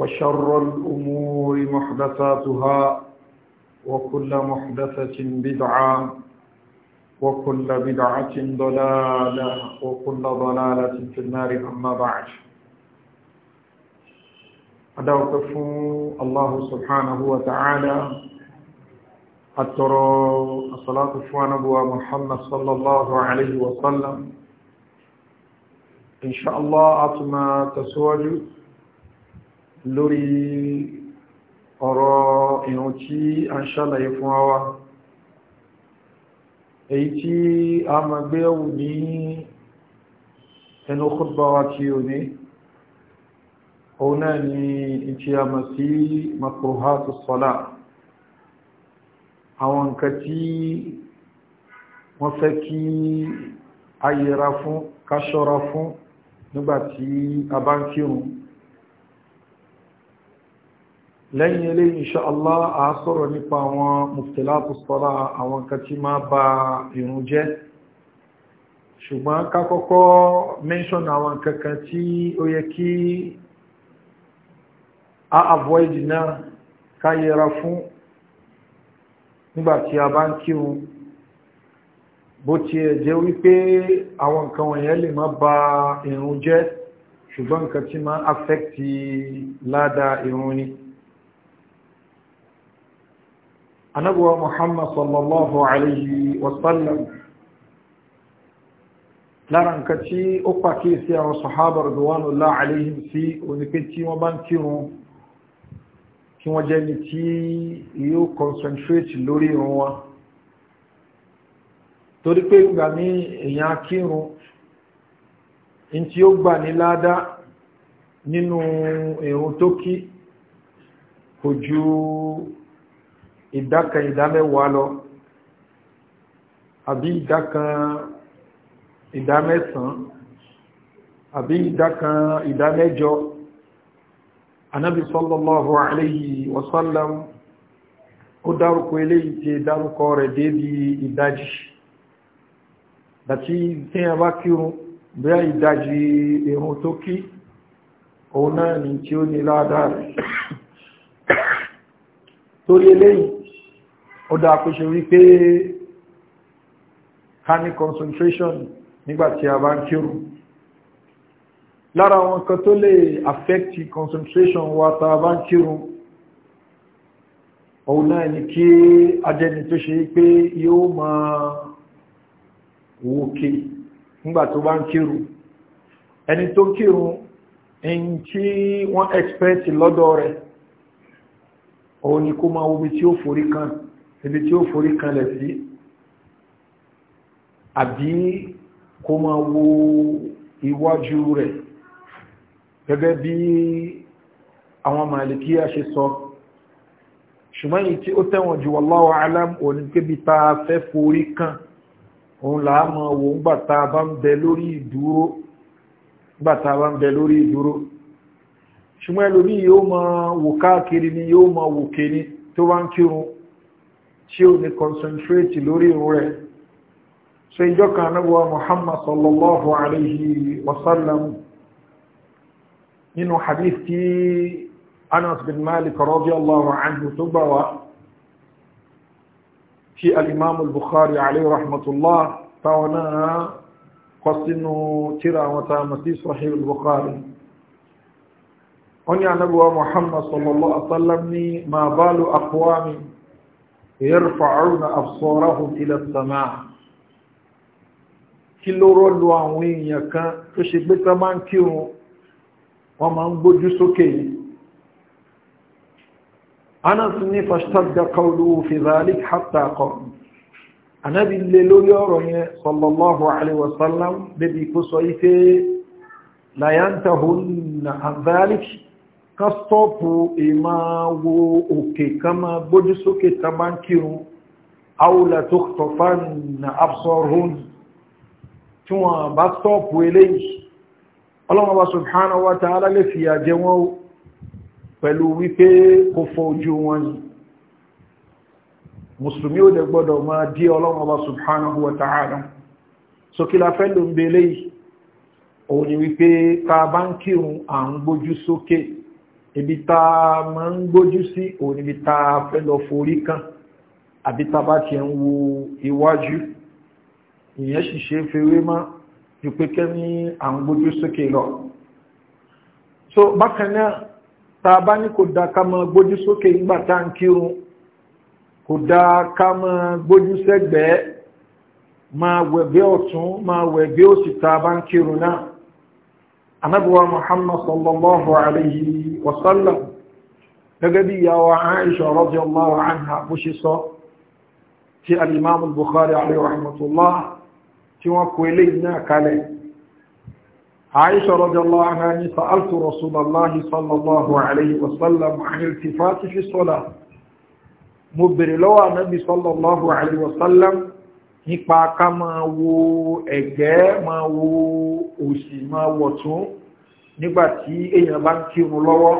وشر الأمور محدثاتها وكل محدثة بدعة وكل بدعة ضلالة وكل ضلالة في النار أما بعد أدعوك الله سبحانه وتعالى أترى الصلاة فوان أبو محمد صلى الله عليه وسلم إن شاء الله أتما تسوجد lórí ọ̀rọ̀ ìrùn tí a ń ṣàlàyé fún àwa èyí tí a ma gbé ẹ̀wù ní ẹnu khutbah tí o ní òun náà ni ìtí a ma sí makruhatus salah àwọn nǹkan tí wọ́n fẹ́ kí a fún ká fún nígbàtí a bá ń kírun lẹ́yìn ilé insha Allah a sọ̀rọ̀ nípa àwọn muftilatu sọ́lá àwọn kan tí máa ba ìrun jẹ́ ṣùgbọ́n ká kọ́kọ́ mention àwọn kankan tí ó yẹ kí a avoid náà ká yẹra fún nígbàtí a bá ń kírun bó ti ẹ̀ jẹ́ wípé àwọn nǹkan wọ̀nyẹn lè má ba ìrun jẹ́ ṣùgbọ́n nǹkan tí máa affect ládàá ìrun ni. anábúwa muhammad sallallahu alayhi wa sallam lára nǹkan tí ó pàkíyèsí àwọn sọ̀hábàrù duwanu láàrín sí onípe tí wọ́n bá ń kírun kí wọ́n jẹ́ ní tí yóò concentrate lórí irun wọn torí pé ìgbà ní èèyàn kírun in tí ó gbà ní ládá nínú irun tó kí kò ju ìdáka ìdámẹ́wàá lọ àbí ìdáka ìdámẹ́sàn àbí ìdáka ìdámẹ́jọ anábi sallallahu alayhi wa sallam ó dárúkọ eléyìí tí dárúkọ rẹ̀ débi ìdájì dàtí tí a bá kírun bí a ìdájì irun tó kí òun náà ni tí ó ní ládàá rẹ̀ torí eléyìí ó dáa kó wípé ká concentration nígbàtí a bá ń kírun lára àwọn kan tó lè affect concentration wa tá a bá ń kírun òun náà ni kí ajẹni tó ṣe pé yóò máa wòkè nígbà tó bá ń kírun ẹni tó kírun in tí wọ́n expect lọ́dọ̀ rẹ̀ òun ni kó máa wo bí tí ó forí kan ibi tí ó forí kanlẹ̀ sí àbí kó máa wo iwájú rẹ̀ gẹ́gẹ́ bí àwọn màlìkíyà ṣe sọ ṣùgbọ́n yìí ó tẹ̀wọ̀n jù wallahu alam òní kébi ta fẹ́ forí kan òun làámọ̀ wò ń gbàta bá ń bẹ bá ń bẹ lórí ìdúró ṣùgbọ́n ẹlòmí yóò máa wò káàkiri ni yóò máa wò kéni tó bá ń kírun tí ó ní concentrate lórí rẹ̀ ṣe ìjọ kan náà muhammad sallallahu alayhi wa sallam nínú hadith tí anas bin malik radiyallahu anhu tó gbà wá tí al-imam al-bukhari alayhi rahmatullah táwọn náà kọ sínú tíra wọn ta masí sahih al-bukhari wọ́n ni anábíwá muhammad sallallahu alayhi wa ni ma balu aqwamin يرفعون أبصارهم إلى السماء kí ló rọ́lù àwọn èèyàn kan tó ṣe gbé tán máa ń kírun wọ́n máa ń gbójú sókè yìí anas ní fàṣtàdà kọlu fìdálí hàtàkọ anábì lè lórí ọ̀rọ̀ yẹn sallallahu alaihi wasallam bébí kó sọ ife layantahun na anzalik ká stọ́ọ̀pù ìmá wo òkè ká máa gbójú sókè tá bá ń kírun áwùlà tó tọ̀fà nà absorhun tí wọ́n bá stọ́ọ̀pù eléyìí ọlọ́wọ́n bá subhanahu wa ta'ala lè fìyà jẹ wọ́n pẹ̀lú wípé kò fọ ojú wọn ni musulmi ó dẹ̀ gbọ́dọ̀ máa dí ọlọ́wọ́n bá subhanahu wa ta'ala sókílá fẹ́ ló ń belé òun ni wípé ká bá ń kírun à ń gbójú sókè so ibi tá a máa ń gbójú sí òun níbi tá a fẹ́ lọ forí kan àbí tá a bá ti ń wo iwájú ìyẹn sì fewé mọ́ ju pé kẹ́ni à ń gbójú sókè lọ. so bákan náà tá a bá ní kò dáa ká máa gbójú sókè nígbà tá à ń kírun kò dáa ká máa gbójú sẹ́gbẹ̀ẹ́ máa wẹ̀gbẹ́ ọ̀tún máa wẹ̀gbẹ́ òsì tá a bá ń kírun náà anábíwá muhammad sallallahu alayhi wa sallam gẹ́gẹ́ bí ìyàwó aisha radiyallahu anha bó ṣe sọ tí al-imam al-bukhari alayhi rahmatullah tí wọ́n kó ilé náà kalẹ̀ aisha radiyallahu anha ni sa'altu rasulallah sallallahu alayhi wa sallam an iltifati fi salat mo bèrè lọ́wọ́ anábí sallallahu alayhi wa sallam nípa ká máa wo ẹ̀gbẹ́ máa wo òsì máa wọ̀tún nígbà tí èèyàn bá ń kírun lọ́wọ́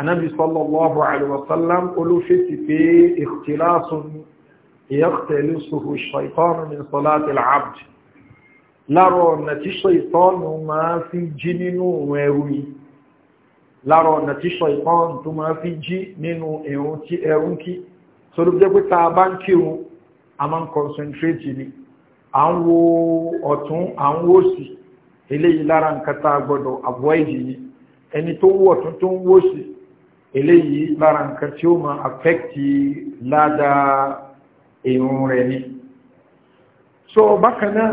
anábì sallallahu alaihi wasallam olóṣèṣì pé ikhtilasun yaqtalisuhu ash-shaytanu min salati al-abd lára ọ̀nà tí ṣàìtánù máa fi jí nínú òun ẹrú yìí lára ọ̀nà tí tó ló jẹ́ pé ta bá ń kírun a máa ń concentrate ni à ń wo ọ̀tún à ń wò sí eléyìí lára nǹkan tá a gbọ́dọ̀ avoid ni ẹni tó wò ọ̀tún tó ń wò sí eléyìí lára nǹkan tí ó máa affect ládàá èrò rẹ̀ ni so bákan náà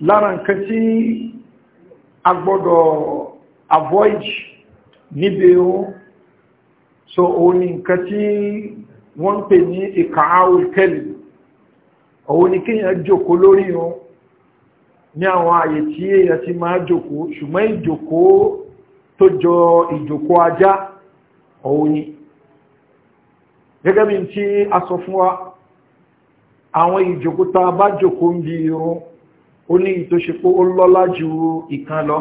lára nǹkan tí a gbọ́dọ̀ avoid níbi ohun so òun ni nǹkan tí wọ́n ń pè ní ìkàáwò kẹ́lì òun ni kíyàn jòkó lórí wọn ní àwọn àyè tí èyàn ti máa jòkó ṣùgbọ́n ìjòkó tó jọ ìjòkó ajá òun ni gẹ́gẹ́ bí tí a sọ fún wa àwọn ìjòkó tá a bá jòkó ń bí irun ó ní ìtòṣepó ó lọ́lá ju ìkan lọ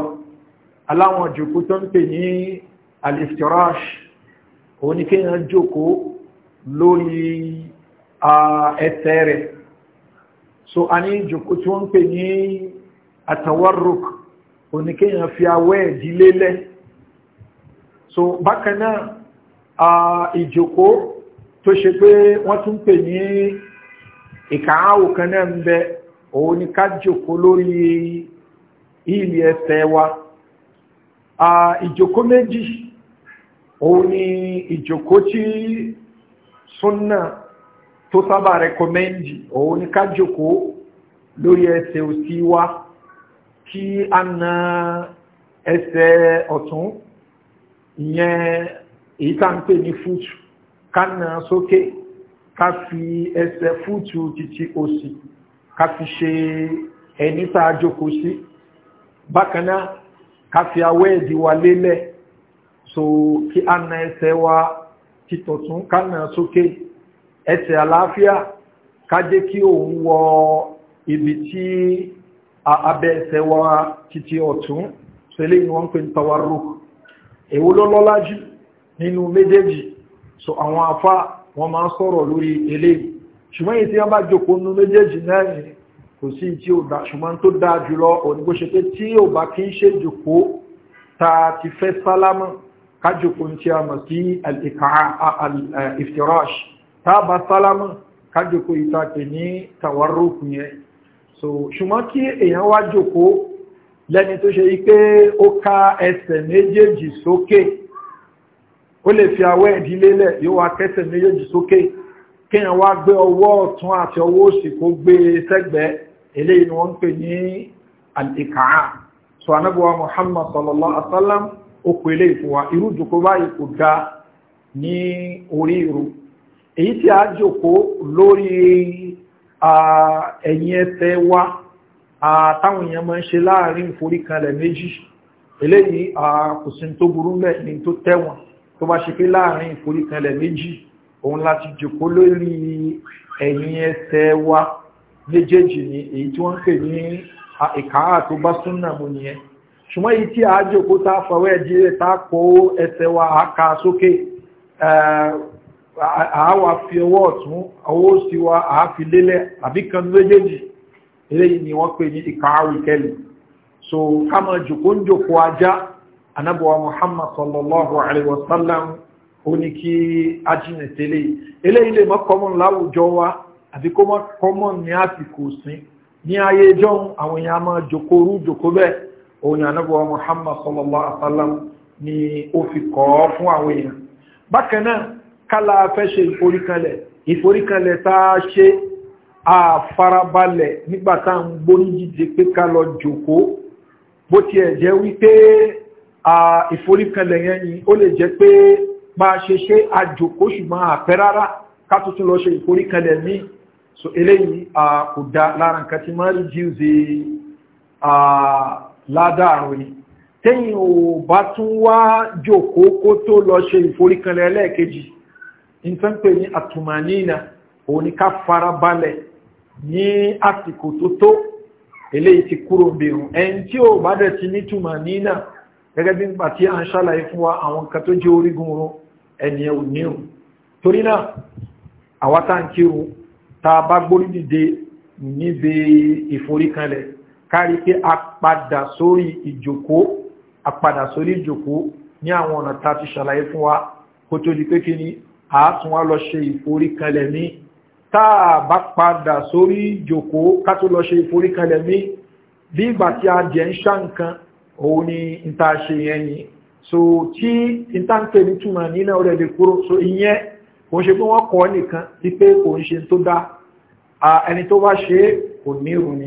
aláwọn ìjòkó tó ń pè ní aliftirash òun ni kíyàn jòkó lórí ẹsẹ̀ rẹ̀ so a ní ìjòkó tí wọ́n ń pè ní atawarruk oníkéyàn fi awẹ́ ìdílé lẹ́ so bákan náà ìjòkó tó ṣe pé wọ́n tún pè ní ìkàáwò kan náà ń bẹ òun ni ká jòkó lórí ilẹ̀ ẹsẹ̀ wa ìjòkó méjì òun ni ìjòkó tí súnnà tó sábà rẹkọmẹ́ndì òun ní ká jókòó lórí ẹsẹ̀ òsì wa kí a na ẹsẹ̀ ọ̀tún ìyẹn èyí tá ń pè ní fútù ká na sókè ká fi ẹsẹ̀ fútù títí òsì ká fi ṣe ẹni tá a jókòó sí bákan náà ká fi awẹ́ ẹ̀dì wa lélẹ̀ so kí a na ẹsẹ̀ wa títọ̀tún ká na sókè. So, ẹsẹ̀ àlàáfíà kájé kí òun wọ ibi tí abẹ́ ẹsẹ̀ wa títí ọ̀tún so eléyìí wọ́n ń pè ní tawarruk èwo jù nínú méjèèjì so àwọn afá wọ́n máa ń sọ̀rọ̀ lórí eléyìí ṣùgbọ́n èyí tí wọ́n bá jókòó nínú méjèèjì náà ni kò sí tí ó dá ṣùgbọ́n tó dáa jùlọ òní bó ṣe pé tí ò bá kí ń ṣe jókòó ta ti fẹ́ sálámù kájòkó ní tí a sí al tábà sálámù kájòkó ìtàkì ní tàwárùkù yẹn so ṣùgbọ́n kí èèyàn wá jòkó lẹ́ni tó ṣe wípé ó ká ẹsẹ̀ méjèèjì sókè ó lè fi awẹ́ ìdílé lẹ̀ yóò wá kẹsẹ̀ méjèèjì sókè kéèyàn wá gbé ọwọ́ ọ̀tún àti ọwọ́ òsì kó gbé e sẹ́gbẹ̀ẹ́ eléyìí ni wọ́n ń pè ní àlìkàá so anábọ̀wá muhammad sallallahu alaihi wa sallam ó pè eléyìí fún wa irú jòkó báyìí kò ga ní orí irun èyí tí a jòkó lórí ẹ̀yìn ẹsẹ̀ wa táwọn èèyàn máa ń ṣe láàrin ìforíkanlẹ̀ méjì eléyìí kò sí tó burú mẹ́ ní tó tẹ́wọ̀n tó bá ṣe pé láàrin ìforíkanlẹ̀ méjì òun láti jòkó lórí ẹ̀yìn ẹsẹ̀ wa méjèèjì ni èyí tí wọ́n ń pè ní ìkàrà tó bá súnà mú nìyẹn ṣùgbọ́n èyí tí a jòkó tá fọwọ́ ẹ̀dí àáwà fi ọwọ́ ọ̀tún ọwọ́ sí wa àáfi lélẹ̀ àbí kan méjèèjì eléyìí ni wọ́n pè ní ìkàáwìkẹ́lì so ká máa jòkó ń jòkó ajá anábọ̀wá muhammad sallallahu alaihi wasallam ó ní kí ajínà tẹ́lẹ̀ eléyìí lè mọ́ common láwùjọ wa àbí kó mọ́ common ní àsìkò sin ní ayé jọun àwọn èèyàn máa jòkó rú jòkó bẹ́ẹ̀ òun anábọ̀wá muhammad sallallahu alaihi wasallam ni ó fi kọ́ fún àwọn èèyàn bákan náà kálá fẹ́ ṣe ìforíkanlẹ̀ ìforíkanlẹ̀ tá a ṣe àfarabalẹ̀ nígbà tá à ń gbóní jíjẹ pé ká lọ jòkó bó tiẹ̀ jẹ́ wípé ìforíkanlẹ̀ yẹn ni ó lè jẹ́ pé bá a ṣe ṣe àjòkó ṣùgbọ́n àpẹ́ rárá ká tuntun lọ ṣe ìforíkanlẹ̀ míì so eléyìí kò dá lára nǹkan tí máa rí jíuzi ládàárọ̀ ni tẹ́yìn ò bá tún wá jòkó kó tó lọ ṣe ìforíkanlẹ̀ ẹlẹ́ẹ̀kejì nǹkan pè ní àtùmánínà òun ni ká farabalẹ̀ ní àsìkò tó tó eléyìí ti kúrò bẹ̀rùn ẹni tí ò bá dẹ̀ ti ní tùmánínà gẹ́gẹ́ bí nígbà tí a ń ṣàlàyé fún wa àwọn nǹkan tó jẹ́ orígun run ẹni ẹ̀ ò nírun torí náà àwa tá à ń kírun tá a bá gbórí dìde níbi ìforíkanlẹ̀ kárí pé a padà sórí ìjòkó a padà sórí ìjòkó ní àwọn ọ̀nà tá a ti ṣàlàyé fún wa kó tó di pé kí ni àátún wá lọ ṣe ìforíkalẹ̀ ní táà bá padà sórí ìjòkó kátó lọ ṣe ìforíkalẹ̀ ní bí ìgbà tí a jẹ ń ṣá nǹkan òun ni ìta ṣe yẹn so tí ìta ń pè ní túmọ̀ nínú ọ̀rẹ́ lè kúrò so ìyẹn kò ń ṣe pé wọ́n kọ́ nìkan ti pé kò ń ṣe tó dá ẹni tó bá ṣe kò ní ìrùn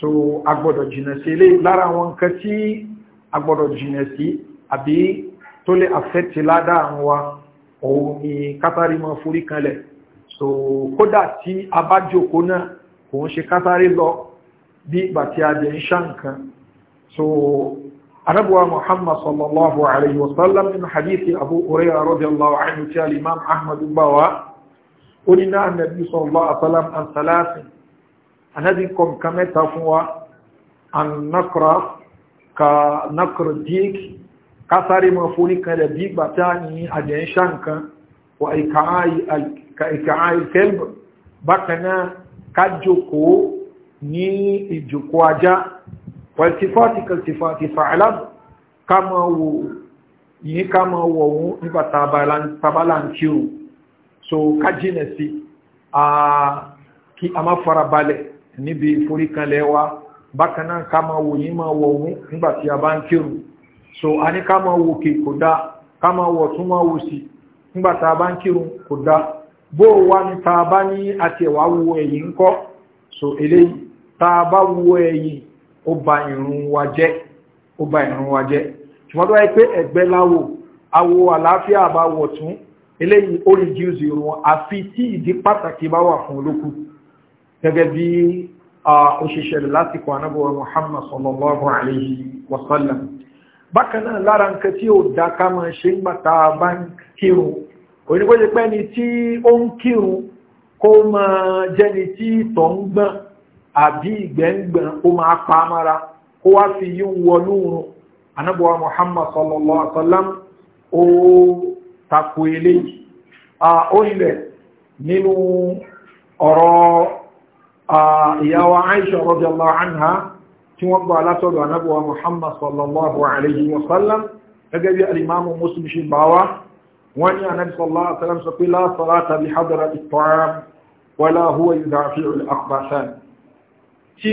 so a gbọ́dọ̀ jìnà sí ilé lára àwọn nǹkan tí a gbọ́dọ̀ jìnà sí àbí tó lè affect ládàá wa òun ni kátàrí mọ́ forí kanlẹ̀ so kódà tí a bá jòkó náà kò ń ṣe kátàrí lọ bí ìgbà tí a jẹ ń ṣá nǹkan so arábùwà muhammad sallallahu alayhi wa sallam nínú hadithi abu hurairah radiyallahu anhu tí Imam ahmad gbà wá ó ní náà nàbí sallallahu alayhi wa sallam an salasin anabi kọm kan fún wa an nakra ka nakra díẹ̀kì kásáré ma forí kalẹ̀ bí gbàtá ní àjẹ́ ṣá nǹkan wà ìkàáyì kẹ́lb bákaná kájòkó ní ìjòkó ajá wàtífàtí kàtífàtí fàálà ká ma wò yìí ká ma wọ̀ wọ́n nípa tàbálà ń kí o so ká jìnà sí kí a má fara balẹ̀ níbi forí kalẹ̀ wa bákaná ká ma wò yìí ma nígbàtí a bá ń kírun so a ní ká máa wòkè kò dá ká máa wọ̀ tún máa wò sí nígbà tá a bá ń kírun kò dá bó o wá ní tá a bá ní àti ẹ̀wà wo ẹ̀yìn ń kọ́ so eléyìí tá a bá wo ẹ̀yìn ó ba ìrun wa jẹ́ ó ba ìrun wa jẹ́ ṣùgbọ́n tó wáyé pé ẹ̀gbẹ́ láwò awo àlàáfíà bá wọ̀ tún eléyìí ó reduce ìrun àfi tí ìdí pàtàkì bá wà fún olókùn gẹ́gẹ́ bí ó ṣe ṣẹlẹ̀ lásìkò anábọ̀wọ̀ Muhammad sallallahu alayhi wa sallam bákan náà lára nǹkan tí ó dá ká máa ṣe ń gbàtà bá ń kírun onígbóṣe pé ni tí ó ń kírun kó máa jẹ́ni tí ìtọ̀ ń gbọ́n àbí ìgbẹ́ ń gbọ́n ó máa pa mára kó wá fi yí wọnú run anábọ̀wá muhammad sallallahu alaihi wa sallam ó takò eléyìí ó nínú ọ̀rọ̀ ìyàwó aisha radiyallahu anha tí wọ́n gbọ́ alátọ́rọ̀ anábọ̀wà muhammad sallallahu alayhi wa sallam gẹ́gẹ́ bí alimamu muslim ṣe bá wá wọ́n ní anábi sallallahu alayhi wa sallam sọ pé lásọ̀rọ̀ tàbí hadara ìtọ́ram wọ́lá huwa ìdáfi al-akhbasan tí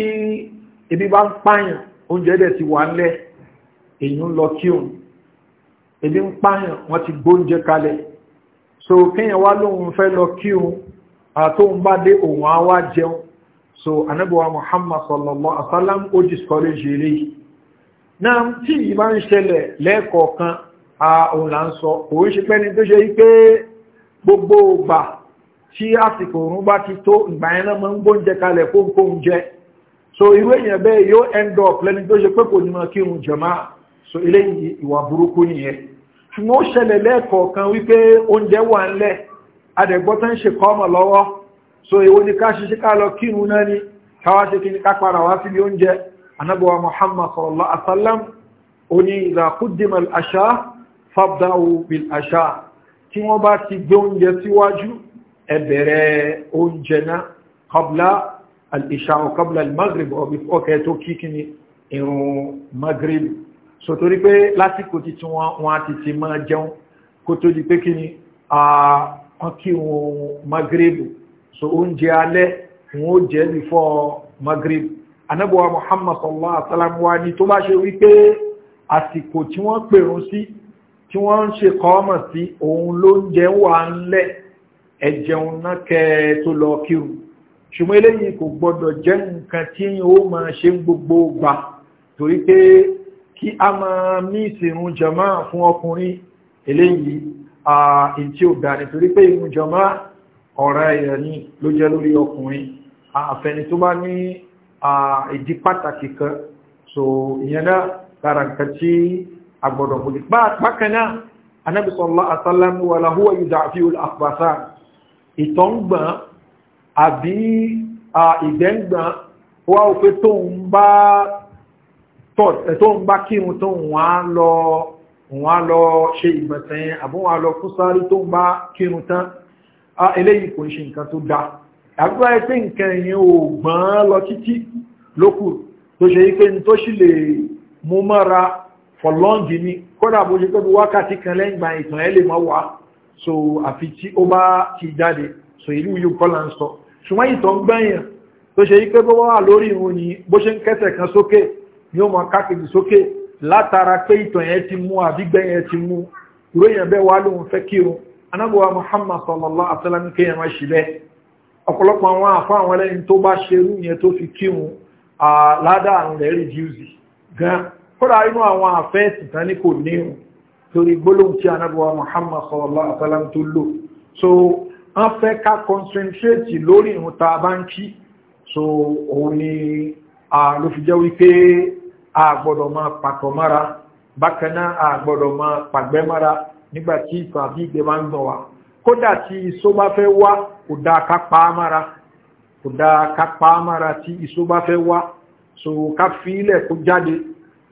ebi bá ń pààyàn oúnjẹ dẹ̀ ti wà lẹ́ èyàn lọ kí so kéèyàn wá fẹ́ lọ kí òun bá dé òun á jẹun so anabiwa muhammad sallallahu alaihi wasallam ó discourage eléyìí náà tí yìí bá ń ṣẹlẹ̀ lẹ́ẹ̀kọ̀ọ̀kan àwọn o n sọ òun ṣe pẹ́ni tó gbogbo gba tí àsìkò òun bá ti tó na ma náà máa so iwe èèyàn bẹ́ẹ̀ yóò end up lẹ́ni tó ṣe pé kò ní so eléyìí ìwà burúkú nìyẹn ṣùgbọ́n ó ṣẹlẹ̀ lẹ́ẹ̀kọ̀ọ̀kan wípé oúnjẹ wà adẹ̀gbọ́tán ṣe kọ́ so èwo ni ká ṣiṣẹ́ ká lọ kírun náà ni káwá ṣe kí ní ká para wá síbi oúnjẹ anábọ̀wá muhammad sallallahu alaihi wasallam ó ní idha quddima al-asha fabda'u bil-asha tí wọ́n bá ti gbé oúnjẹ síwájú ẹ bẹ̀rẹ̀ oúnjẹ náà qabla al-isha wa qabla al-maghrib ọkẹ́ tó kíkí ni irun maghrib so torí pé lásìkò ti tí wọ́n ti ti máa jẹun kó tó di pé kí ni wọ́n kírun maghrib so oúnjẹ alẹ́ wọn ó jẹ́ before magrib anábọ̀wá muhammad sallallahu alaihi wa sallam wa ni tó bá ṣe wípé àsìkò tí wọ́n pèrún sí tí wọ́n ń ṣe kọ́ọ̀mọ̀ sí òun ló ń jẹ́ wà ń lẹ̀ ẹ̀jẹun náà kẹ́ tó lọ kírun ṣùgbọ́n eléyìí kò gbọ́dọ̀ jẹ́ nǹkan tí ó máa ṣe ń gbogbo gbà torí pé kí a máa mí ìsìnrún jọmọ́ fún ọkùnrin eléyìí àà ìtí nítorí pé ìrún jọmọ́ ọ̀rá ẹ̀yà ní ló jẹ́ lórí ọkùnrin àfẹni tó bá ní ìdí pàtàkì kan so ìyẹn náà lára nǹkan tí a gbọ́dọ̀ mú bákan náà anábì sallallahu alaihi wasallam wa lahu yuda'fihu al-akhbasa ìtọ́ngbọ̀n àbí ìgbẹ́ngbọ̀n wá ó pé tó ń bá tó ń bá kírun wọ́n lọ ṣe ìgbọ̀nsẹ̀ àbúwọ́n á lọ kúsárí tó ń bá kírun tán Ah, eléyìí kò ṣe nǹkan tó dá àgbà ẹgbẹ́ nǹkan ẹ̀yìn ò gbọ́n lọ títí lókù tó ṣe ipé ní tó sì lè mú mọ́ra for long ni kódà bó ṣe pẹ́bí wákàtí kan lẹ́yìn ìgbà ìtàn ẹ̀ lè mọ́ wá so àfi tí ó bá ti jáde so ìlú yóò kọ́ là ń sọ ṣùgbọ́n ìtàn gbẹ̀yàn tó ṣe ipé bó wà lórí ìrun ni bó ṣe ń kẹ́sẹ̀ kan sókè ni ó mọ kákejì sókè látara pé ìtàn yẹn ti mú àbígbẹ̀yẹn ti mú ìròyìn bẹ́ẹ̀ wá lóun fẹ́ kírun anábọ̀wá muhammad sallallahu alaihi wasallam kéèyàn má ṣe bẹ́ẹ̀ ọ̀pọ̀lọpọ̀ àwọn àfọ́ àwọn ẹlẹ́yìn tó bá ṣe irú yẹn tó fi kírun ládàá àrùn rẹ̀ rìdíùsì gan kódà inú àwọn àfẹ́ẹ̀sì tán ní kò níhun torí gbólóhùn tí anábọ̀wá muhammad sallallahu alaihi wasallam tó lò so wọ́n fẹ́ ká concentrate lórí ìrun tá a bá ń kí so òun ni ló fi jẹ́ wípé a gbọ́dọ̀ máa pàtọ̀ mára bákan náà a gbọ́dọ̀ máa pàgbẹ́ mára nígbà tí ìfà bí ìgbẹ́ bá ń gbọ̀n wá kódà tí iṣó bá fẹ́ wá kò dáa ká pa á mára kò dáa ká pa á mára tí iṣó bá fẹ́ wá so ká fi ilẹ̀ kó jáde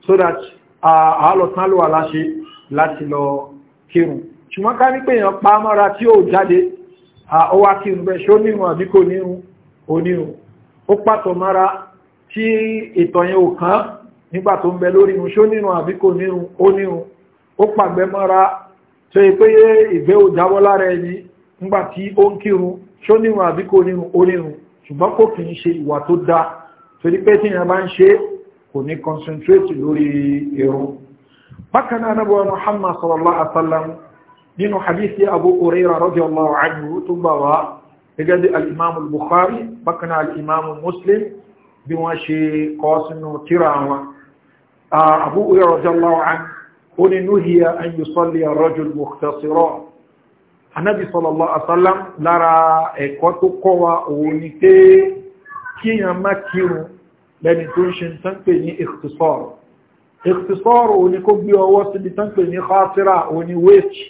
so that àálọ̀tán ló wà láṣe láti lọ kírun ṣùgbọ́n ká ní pé èèyàn pa á mára tí ó jáde ó wá kírun bẹ́ẹ̀ ṣé ó nírun àbí kò nírun ó nírun ó pàtó mára tí ètò yẹn ò kán nígbà tó ń bẹ lórí irun ṣó nírun àbí kò nírun ó nírun ó pàgbẹ́ mọ́ra tó yẹ pé ìgbé ò jáwọ́ lára ẹni ńgbà tí ó ń kírun ṣó nírun àbí kò nírun ó nírun ṣùgbọ́n kò kì í ṣe ìwà tó dáa torí pé tí ìyẹn bá ń ṣe kò ní concentrate lórí irun bákan náà anábọ̀ muhammad sallallahu alaihi wa sallam nínú ó ní núhìyà ayùsọ́lì àrọ́jù mọ̀tẹ́sírọ́ anábì sọlọ́lọ́ àsálàm lára ẹ̀kọ́ tó kọ́ wa òun ni pé kíyàn má kírun lẹ́ni tó ń ṣe tán pè ní ìkùsọ́rọ̀ ìkùsọ́rọ̀ òun ni kó gbé ọwọ́ síbi tán ní kásírà òun ni wéèkì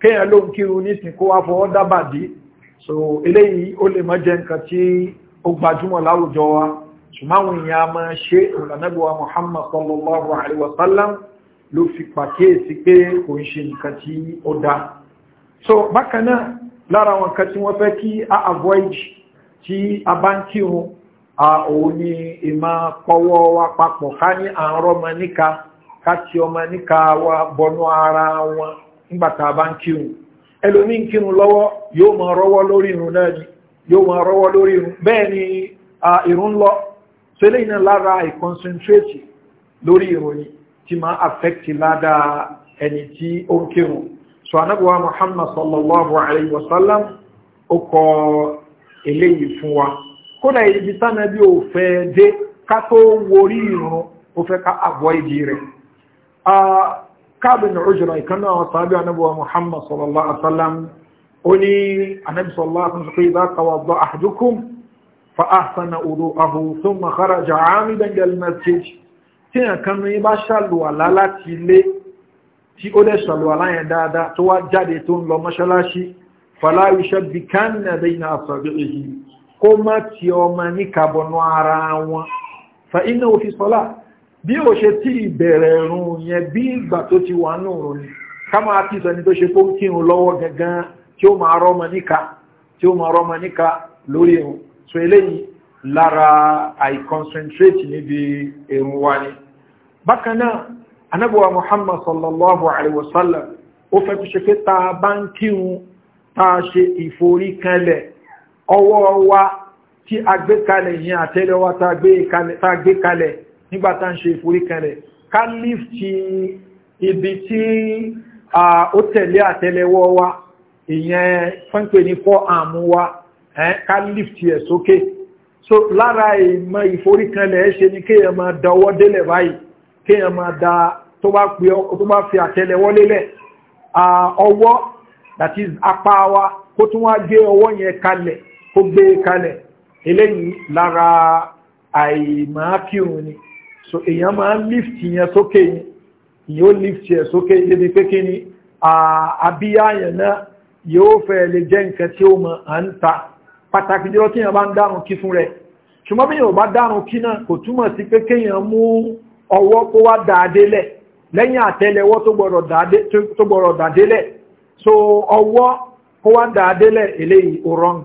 kéèyàn ló ń kírun nísìn kó wá fọwọ́ dábàdí so eléyìí ó lè má jẹ́ nǹkan tí ó gbajúmọ̀ láwùjọ wa ṣùgbọ́n àwọn èèyàn máa ṣe ìrànlọ́wọ́ muhammad sallallahu alaihi wa sallam ló fi pàkíyèsí pé kò ń ṣe nǹkan tí ó dá so bákan náà lára àwọn nǹkan tí wọ́n fẹ́ kí a avoid tí a bá ń kírun òun ni ìmọ̀ pọwọ́ wa papọ̀ ká ní àárọ̀ ọmọ níka ká ti ọmọ níka wa bọnú ara wọn nígbà tá a bá ń kírun ẹlòmí ń kírun lọ́wọ́ yóò máa rọ́wọ́ lórí irun náà ni yóò máa rọ́wọ́ lórí irun bẹ́ẹ̀ ni irun lọ so eléyìí náà lára ìconcentrate lórí irun ni tí máa affect ládàá ẹni tí ó ń kírun so anábíwá muhammad sallallahu alayhi wa sallam ó kọ eléyìí fún wa kódà ibi tánàbí ò fẹ́ dé ká tó worí ìrun ó fẹ́ ká avoid rẹ̀ káàbìn òjòrò ìkaná àwọn sàábí anábíwá muhammad sallallahu alayhi wa sallam ó ní anábí sallallahu alayhi wa sallam pé ìdá tawadda ahadukum fa ahsana wudu'ahu thumma kharaja 'amidan masjid tí nǹkan ní bá ṣàlùwàlá láti ilé tí ó dẹ̀ ṣàlùwàlá yẹn dáadáa tó wá jáde tó ń lọ mọ́ṣáláṣí fàláyíṣẹ́ bí kánà bẹ́yìn àṣàbí èyí kó má ti ọmọ ní kàbọ̀nù ara wọn fa iná òfin sọ́lá bí ó ṣe tí ìbẹ̀rẹ̀ rùn ni ká máa lórí ẹ̀hùn so eléyìí lára àìconcentrate níbi èrùn wa ni bákan náà anábọ̀wá muhammad sallallahu alaihi wasallam ó fẹ́ tó ṣe pé ta bá ń kírun ta ṣe ìforí kanlẹ̀ ọwọ́ wa tí a gbé kalẹ̀ yẹn àtẹ́lẹwà ta gbé kalẹ̀ nígbà tá ń ṣe ìforí kanlẹ̀ ká lífti ibi tí ó tẹ̀lé àtẹ́lẹwọ́ wa ìyẹn fẹ́ǹpẹ̀ ní fọ́ àmú wa ká lífti ẹ̀ sókè so lára ìmọ̀ ìforí kanlẹ̀ ẹ́ ṣe ni kéèyàn máa dọwọ́ délẹ̀ báyìí kéèyàn máa da tó bá fi àtẹ́lẹ̀ wọ́lé lẹ̀ ọwọ́ that is apá wa kó tún wá gbé ọwọ́ yẹn kalẹ̀ kó gbé e kalẹ̀ eléyìí lára àìmáàkírun ni so èèyàn máa lift yẹn sókè yẹn yóò lift yẹn sókè débi pé kí ni àbíyá yẹn náà yóò fẹ́ lè jẹ́ nǹkan tí ó mọ̀ à ń ta pàtàkì jùlọ tí yẹn bá ń dárun kí fún rẹ̀ ṣùgbọ́n bí yẹn ò bá dárun kí náà kò túmọ̀ sí pé kéèyàn mú ọwọ́ kó wá dáadélẹ̀ lẹ́yìn àtẹ́lẹwọ́ tó gbọ́rọ̀ dáadélẹ̀ so ọwọ́ kó wá dáadélẹ̀ eléyìí orong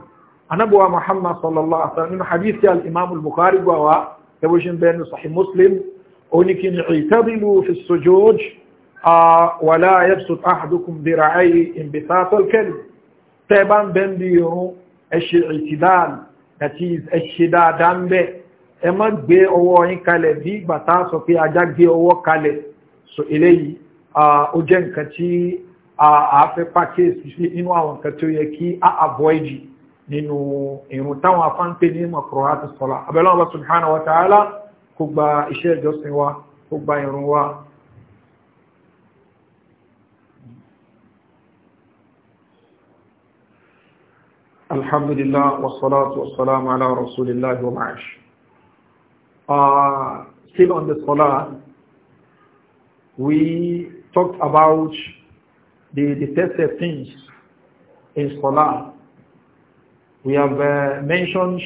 anábọ̀wà muhammad sallallahu alaihi wasallam hadith al-imam al-bukhari gbà wá ẹbùsùn bẹnu sahih muslim oníkin ìtàbílù fi ẹ̀ṣẹ̀ ìtìdáàlì ń bẹ́ẹ̀ ẹ má gbé ọwọ́ yín kalẹ̀ bí ìgbà tá a sọ pé ajá gbé ọwọ́ kalẹ̀ so eléyìí ó jẹ́ nǹkan tí a fẹ́ pàkíyèsí sí inú àwọn nǹkan tí ó yẹ kí a avoid nínú ìrùn táwọn afánpé ní mọ̀kọ̀rọ̀ àti abẹ́lẹ́ ọba subhanahu wa ta'ala kó gba iṣẹ́ ìjọsìn wa kó gba ìrùn wa الحمد لله والصلاة والسلام على رسول الله ومعاش Uh, still on the Salah, we talked about the detested things in Salah. We have uh, mentioned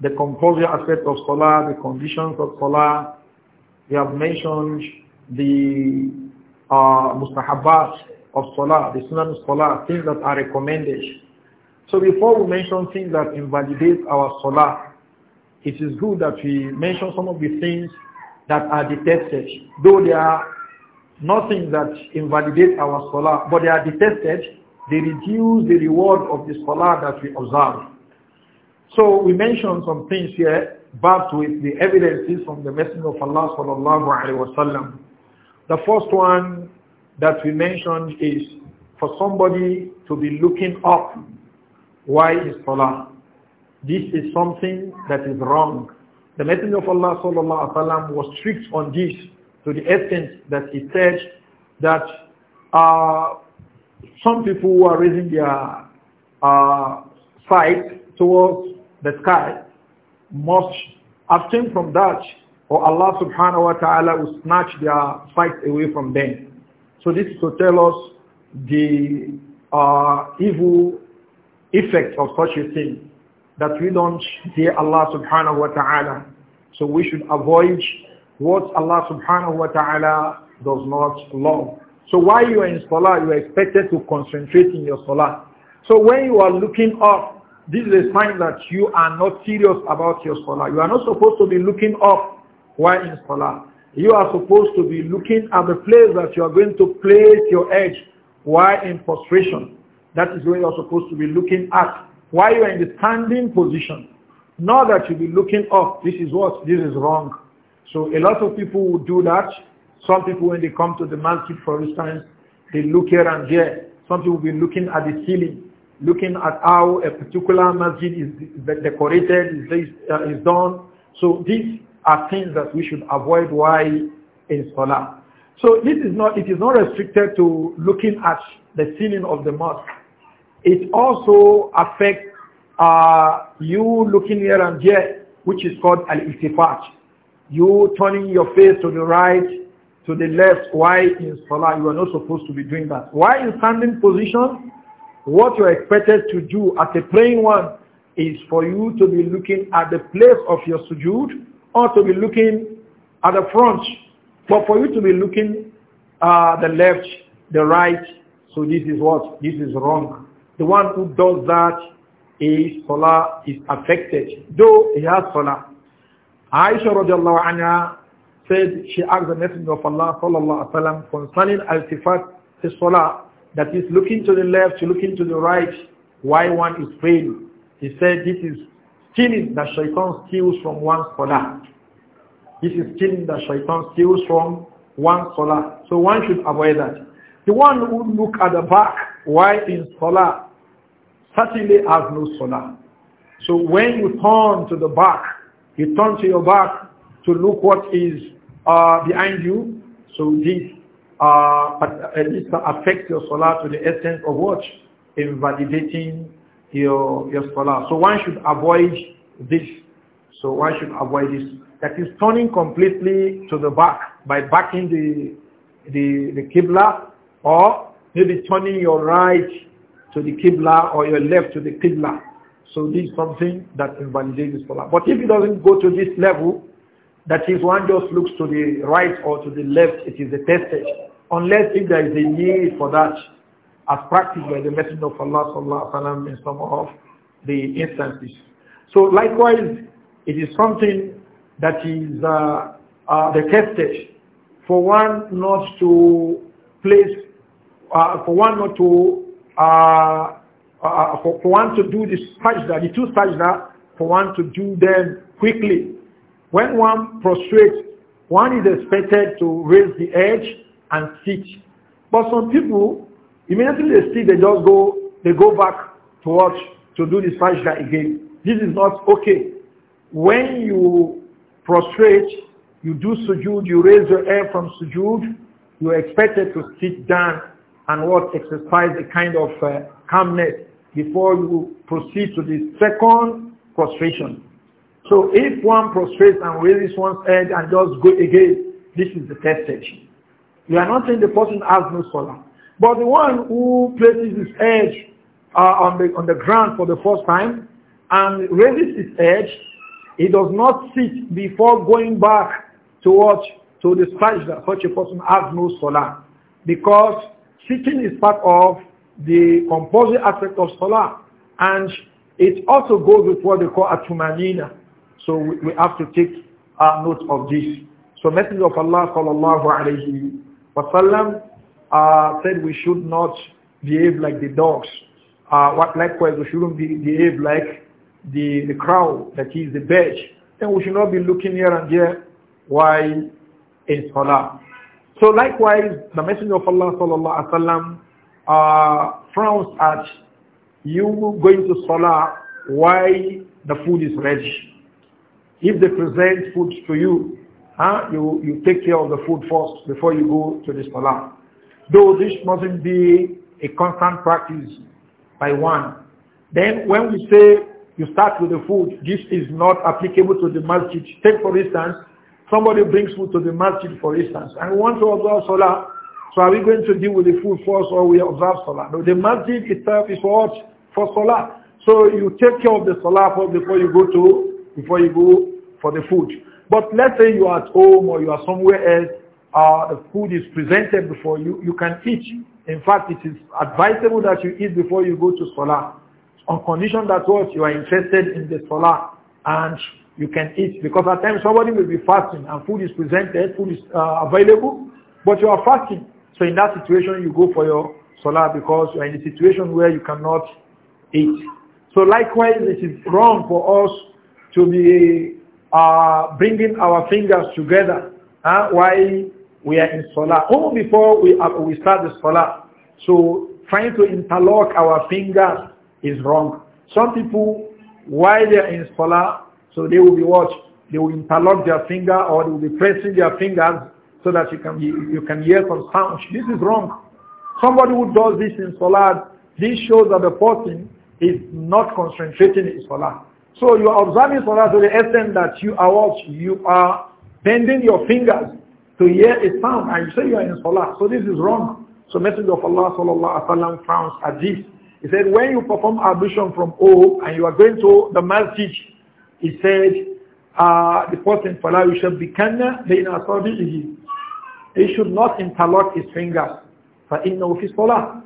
the compulsory aspect of Salah, the conditions of Salah. We have mentioned the uh, mustahabbat of Salah, the sunnah of Salah, things that are recommended. So before we mention things that invalidate our Salah, it is good that we mention some of the things that are detested, though they are nothing that invalidate our salah, but they are detested, they reduce the reward of the salah that we observe. So we mentioned some things here, but with the evidences from the Messenger of Allah sallallahu alaihi wasallam. The first one that we mentioned is for somebody to be looking up why is salah. This is something that is wrong. The Messenger of Allah sallallahu was strict on this to the extent that he said that uh, some people who are raising their uh, sight towards the sky must abstain from that or Allah subhanahu wa ta'ala will snatch their sight away from them. So this is to tell us the uh, evil effect of such a thing that we don't hear Allah subhanahu wa ta'ala. So we should avoid what Allah subhanahu wa ta'ala does not love. So while you are in salah, you are expected to concentrate in your salah. So when you are looking up, this is a sign that you are not serious about your salah. You are not supposed to be looking up while in salah. You are supposed to be looking at the place that you are going to place your edge while in prostration. That is where you are supposed to be looking at while you are in the standing position. Not that you be looking up, this is what, this is wrong. So a lot of people would do that. Some people when they come to the market, for instance, they look here and there. Some people will be looking at the ceiling, looking at how a particular masjid is decorated, is, uh, is done. So these are things that we should avoid while in Salah. So this is not, it is not restricted to looking at the ceiling of the mosque. It also affects uh, you looking here and there, which is called al-iltifat. You turning your face to the right, to the left. Why in Salah you are not supposed to be doing that? Why in standing position? What you are expected to do at a praying one is for you to be looking at the place of your sujood or to be looking at the front. But for you to be looking uh, the left, the right, so this is what? This is wrong the one who does that, his salah is affected, though he has salah. Aisha radiallahu anha said, she asked the Messenger of Allah sallallahu alayhi wa concerning al sifat his salah, that is looking to the left, looking to the right, why one is praying. He said this is stealing that shaitan steals from one's salah. This is stealing that shaitan steals from one's salah. So one should avoid that. The one who look at the back while in salah certainly has no salah. So when you turn to the back, you turn to your back to look what is uh, behind you. So this uh, at least uh, affects your salah to the essence of what? Invalidating your, your salah. So one should avoid this. So one should avoid this. That is turning completely to the back by backing the, the, the Qibla or maybe turning your right to the Qibla or your left to the Qibla. So this is something that invalidates the Salah. But if it doesn't go to this level, that is one just looks to the right or to the left, it is attested. Unless if there is a need for that, as practiced by the Messenger of Allah sallallahu wasallam, in some of the instances. So likewise, it is something that is uh, uh, the tested for one not to place, uh, for one not to uh, uh, for, one to do the sajda, the two sajda, for one to do them quickly. When one prostrates, one is expected to raise the edge and sit. But some people, immediately they sit, they just go, they go back to watch, to do the sajda again. This is not okay. When you prostrate, you do sujood, you raise your head from sujood, you are expected to sit down and what exercise a kind of uh, calmness before you proceed to the second prostration. So if one prostrates and raises one's head and just go again, this is the test stage. You are not saying the person has no salah. But the one who places his head uh, on, the, on the ground for the first time and raises his head, he does not sit before going back towards to the sajda. Such a person has no salah because sitting is part of the composite aspect of Salah. And it also goes with what they call atumanina. So we, we, have to take our uh, note of this. So Messenger of Allah sallallahu alayhi wa sallam uh, said we should not behave like the dogs. Uh, what likewise we shouldn't be, behave like the, the crow that is the bird. And we should not be looking here and there while in Salah. So likewise, the Messenger of Allah sallallahu alaihi wasallam uh, frowns at you going to salah while the food is ready. If they present food to you, huh, you, you take care of the food first before you go to the salah. Though this mustn't be a constant practice by one. Then when we say you start with the food, this is not applicable to the masjid. Take for instance, Somebody brings food to the masjid, for instance, and we want to observe Salah. So are we going to deal with the food first or we observe Salah? No, the masjid itself is for For Salah. So you take care of the Salah first before you go to, before you go for the food. But let's say you are at home or you are somewhere else, uh, the food is presented before you, you can eat. In fact, it is advisable that you eat before you go to Salah on condition that what you are interested in the Salah and you can eat. Because at times somebody will be fasting and food is presented, food is uh, available, but you are fasting. So in that situation, you go for your salah because you are in a situation where you cannot eat. So likewise, it is wrong for us to be uh, bringing our fingers together while we are in salah. Only before we, uh, we start the salah. So trying to interlock our fingers is wrong. Some people, while they are in salah, so they will be what? They will interlock their finger or they will be pressing their fingers so that you can, you, can hear some sound. This is wrong. Somebody who does this in Salat, this shows that the person is not concentrating in salah. So you are observing salah to the extent that you are what? You are bending your fingers to hear a sound and you say you are in salah. So this is wrong. So Messenger of Allah sallallahu alaihi wasallam frowns at this. He said, when you perform ablution from O and you are going to the masjid, he said, uh, the person فَلَا يُشَبِّكَنَّ بَيْنَ أَصَابِعِهِ He should not interlock his fingers. فَإِنَّهُ فِي صَلَاةٍ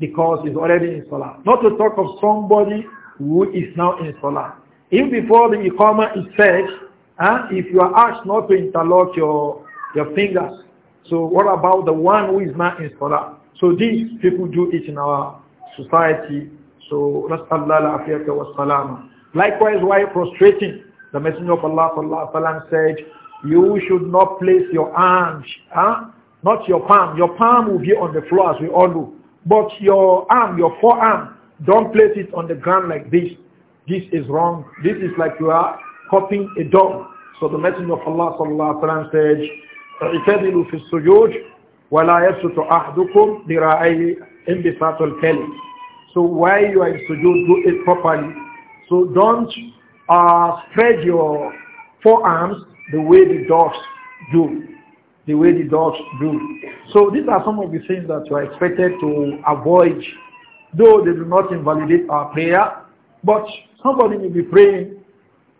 Because he's already in salah. Not to talk of somebody who is now in salah. Even before the Iqamah is said, huh, ah, if you are asked not to interlock your, your fingers, so what about the one who is not in salah? So these people do it in our society. So, نسأل الله العافية والسلامة. Likewise, while prostrating, the Messenger of Allah sallallahu said, "You should not place your arms, huh? not your palm. Your palm will be on the floor as we all know, but your arm, your forearm, don't place it on the ground like this. This is wrong. This is like you are copying a dog." So the Messenger of Allah sallallahu said, "اعتدلوا في السجود ولا So while you are in sujood, do it properly. So don't uh, spread your forearms the way the dogs do. The way the dogs do. So these are some of the things that we are expected to avoid, though they do not invalidate our prayer. But somebody may be praying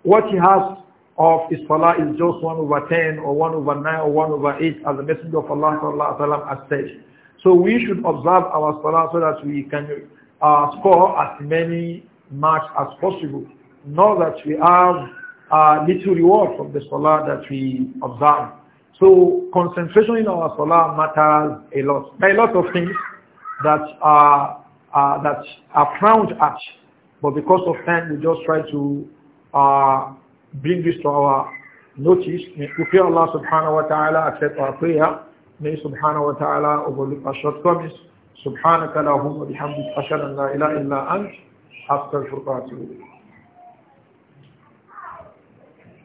what he has of his salah is just 1 over 10 or 1 over 9 or 1 over 8 as the messenger of Allah has said. So we should observe our salah so that we can uh, score as many much as possible. Know that we have little reward from the salah that we observe. So concentration in our salah matters a lot. There are a lot of things that are, uh, that are frowned at, but because of time we just try to uh, bring this to our notice. May Allah subhanahu wa ta'ala accept our prayer. May subhanahu wa ta'ala overlook our shortcomings. سبحانك اللهم وبحمدك أشهد أن لا إله إلا أنت after Furqan